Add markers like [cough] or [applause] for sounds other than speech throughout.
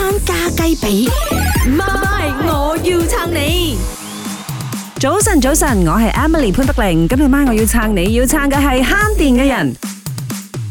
參加雞髀，媽媽，我要撐你。早晨，早晨，我係 Emily 潘德玲，今日媽媽我要撐你，要撐嘅係慳電嘅人。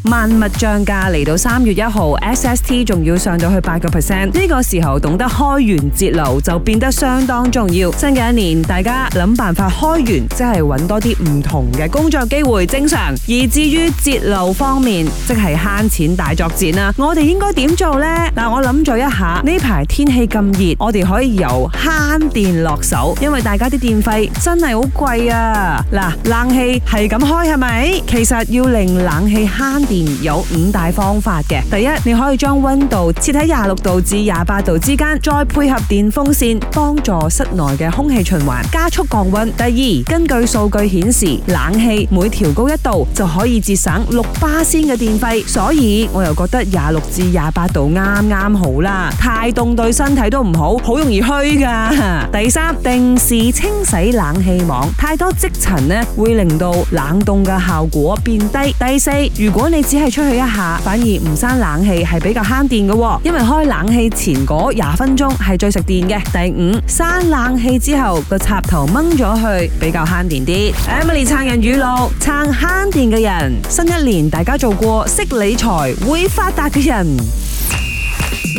萬物漲價嚟到三月一號，SST 仲要上到去八個 percent，呢個時候懂得開源節流就變得相當重要。新嘅一年，大家諗辦法開源，即係揾多啲唔同嘅工作機會正常。以至於節流方面，即係慳錢大作戰啊，我哋應該點做呢？嗱，我諗咗一下，呢排天氣咁熱，我哋可以由慳電落手，因為大家啲電費真係好貴啊。嗱，冷氣係咁開係咪？其實要令冷氣慳。有五大方法嘅，第一，你可以將溫度設喺廿六度至廿八度之間，再配合電風扇幫助室內嘅空氣循環，加速降溫。第二，根據數據顯示，冷氣每調高一度就可以節省六巴仙嘅電費，所以我又覺得廿六至廿八度啱啱好啦，太凍對身體都唔好，好容易虛噶第三，定時清洗冷氣網，太多積塵呢會令到冷凍嘅效果變低。第四，如果你只係出去一下，反而唔閂冷氣係比較慳電嘅，因為開冷氣前嗰廿分鐘係最食電嘅。第五，閂冷氣之後個插頭掹咗去，比較慳電啲。 [music] Emily 撐人語錄，撐慳電嘅人，新一年大家做過識理財會發達嘅人，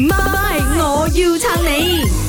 媽咪 Bye, Bye. 我要撐你。